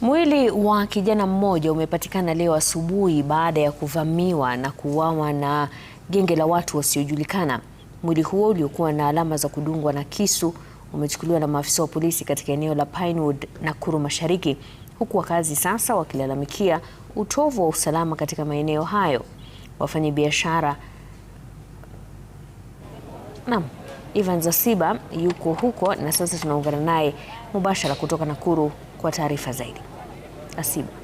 Mwili wa kijana mmoja umepatikana leo asubuhi baada ya kuvamiwa na kuuawa na genge la watu wasiojulikana. Mwili huo uliokuwa na alama za kudungwa na kisu umechukuliwa na maafisa wa polisi katika eneo la Pinewood, Nakuru Mashariki, huku wakazi sasa wakilalamikia utovu wa usalama katika maeneo hayo. Wafanyabiashara Naam. Ivan Zasiba yuko huko na sasa tunaungana naye mubashara kutoka Nakuru kwa taarifa zaidi. Asiba.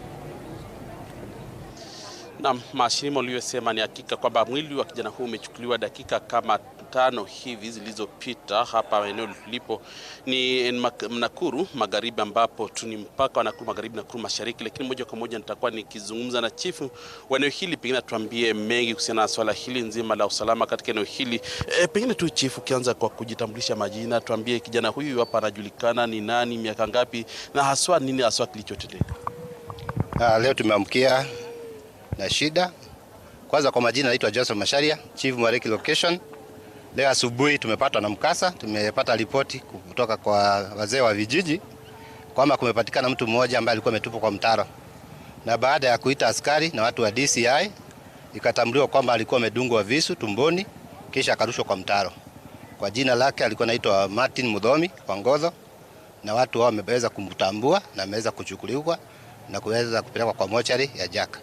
Na Mashirima uliyosema ni hakika kwamba mwili wa kijana huu umechukuliwa dakika kama tano hivi zilizopita hapa eneo lipo ni Nakuru Magharibi, ambapo tu ni mpaka wa Nakuru Magharibi na Nakuru Mashariki. Lakini moja kwa moja nitakuwa nikizungumza na chifu wa eneo hili, pengine tuambie mengi kuhusiana na swala hili nzima la usalama katika eneo hili. E, pengine tu chifu, ukianza kwa kujitambulisha majina, tuambie kijana huyu hapa anajulikana ni nani, miaka ngapi, na haswa nini haswa kilichotendeka? Ah, leo tumeamkia na shida. Kwanza kwa majina, naitwa Joseph Masharia, Chief Mwariki Location. Leo asubuhi tumepatwa na mkasa, tumepata ripoti kutoka kwa wazee wa vijiji kwamba kumepatikana mtu mmoja ambaye alikuwa ametupwa kwa mtaro, na baada ya kuita askari na watu wa DCI ikatambuliwa kwamba alikuwa amedungwa visu tumboni kisha akarushwa kwa mtaro. Kwa jina lake alikuwa anaitwa Martin Mudhomi kwa ngozo, na watu wao wameweza kumtambua na ameweza kuchukuliwa na kuweza kupelekwa kwa mochari ya Jaka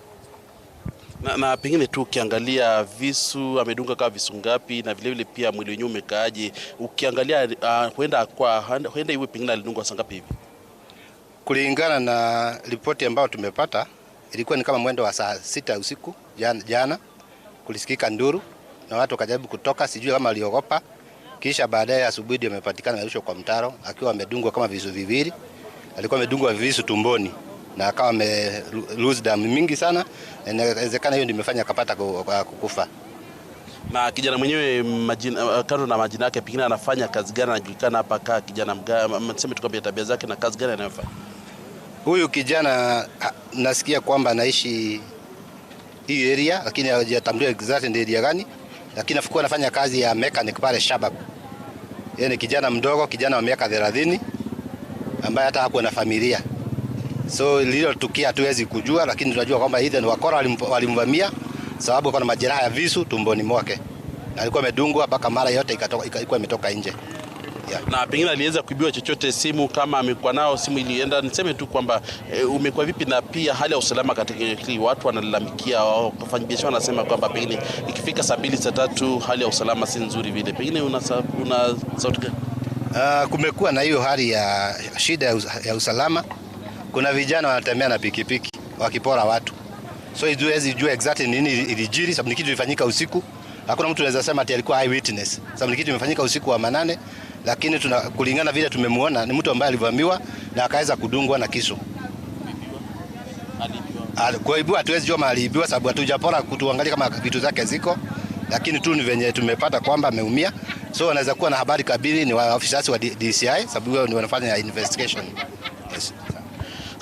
na, na pengine tu ukiangalia visu amedunga kama visu ngapi, na vilevile pia mwili wenyewe umekaaje, ukiangalia uh, huenda kwa huenda iwe pengine alidungwa saa ngapi hivi. Kulingana na ripoti ambayo tumepata, ilikuwa ni kama mwendo wa saa sita usiku jana, jana kulisikika nduru na watu wakajaribu kutoka, sijui kama aliogopa. Kisha baadaye asubuhi ndio amepatikana amerushwa kwa mtaro akiwa amedungwa kama visu viwili, alikuwa amedungwa visu tumboni na akawa ame lose damu mingi sana, inawezekana hiyo ndio imefanya akapata kukufa. Na kijana mwenyewe majina, kando na majina yake, pengine anafanya kazi gani? Anajulikana hapa kaa kijana mseme tu kwamba tabia zake na kazi gani anayofanya huyu kijana. Nasikia kwamba anaishi hii area, lakini hajatambua exactly ndio area gani, lakini afukuwa anafanya kazi ya mechanic pale Shabab. Yeye ni kijana mdogo, kijana wa miaka 30 ambaye hata hakuwa na familia. So lililotukia hatuwezi kujua, lakini tunajua kwamba Ethan wakora walimvamia, sababu kuna majeraha ya visu tumboni mwake, alikuwa amedungwa mpaka mara yote ikatoka, ilikuwa imetoka nje. Yeah. Na pengine aliweza kuibiwa chochote, simu kama amekuwa nao, simu ilienda. Niseme tu kwamba e, umekuwa vipi, na pia hali ya usalama katika eneo hili. Watu wanalalamikia, wafanyabiashara wanasema kwamba pengine ikifika saa mbili saa tatu hali ya usalama si nzuri vile. Pengine una, una sauti gani? Uh, kumekuwa na hiyo hali ya shida ya usalama kuna vijana wanatembea na pikipiki wakipora watu, so hizi jua exactly nini ilijiri, sababu ni kitu ilifanyika usiku. Hakuna mtu anaweza sema ati alikuwa eye witness, sababu ni kitu imefanyika usiku wa manane, lakini tuna kulingana vile tumemuona ni mtu ambaye alivamiwa na akaweza kudungwa na kisu kuibiwa. Hatuwezi jua mahali aliibiwa sababu hatujapora kutuangalia kama vitu zake ziko, lakini tu ni venye tumepata kwamba ameumia, so wanaweza kuwa na habari kabili ni waafisa wa DCI sababu wao ni wanafanya investigation.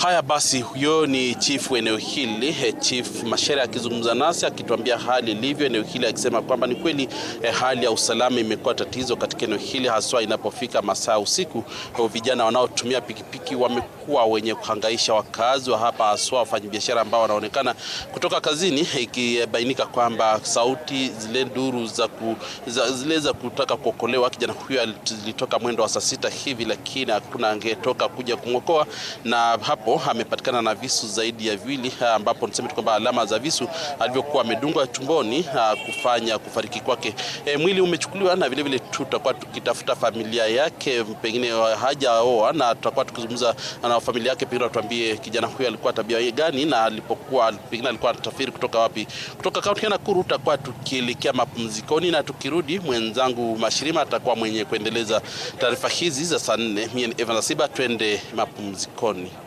Haya basi, huyo ni chifu eneo hili eh, chief Mashere akizungumza nasi akituambia hali ilivyo eneo hili, akisema kwamba ni kweli eh, hali ya usalama imekuwa tatizo katika eneo hili, haswa inapofika masaa usiku. Eh, vijana wanaotumia pikipiki wamekuwa wenye kuhangaisha wakazi wa hapa, haswa wafanyabiashara ambao wanaonekana kutoka kazini, eh, ikibainika eh, kwamba sauti zile duru za, ku, za zile za kutaka kuokolewa kijana huyo zilitoka mwendo wa saa sita hivi, lakini hakuna angetoka kuja kumwokoa na hapo amepatikana na visu zaidi ya viwili, ambapo niseme tu kwamba alama za visu alivyokuwa amedungwa tumboni kufanya kufariki kwake. E, mwili umechukuliwa na vile vile tutakuwa tukitafuta familia yake, pengine hajaoa, na tutakuwa tukizungumza na familia yake, pengine watuambie kijana huyo alikuwa tabia gani na alipokuwa pengine alikuwa anasafiri kutoka wapi. Kutoka kaunti ya Nakuru tutakuwa tukielekea mapumzikoni, na tukirudi mwenzangu Mashirima atakuwa mwenye kuendeleza taarifa hizi za saa nne. Mimi ni Evan Asiba, twende mapumzikoni.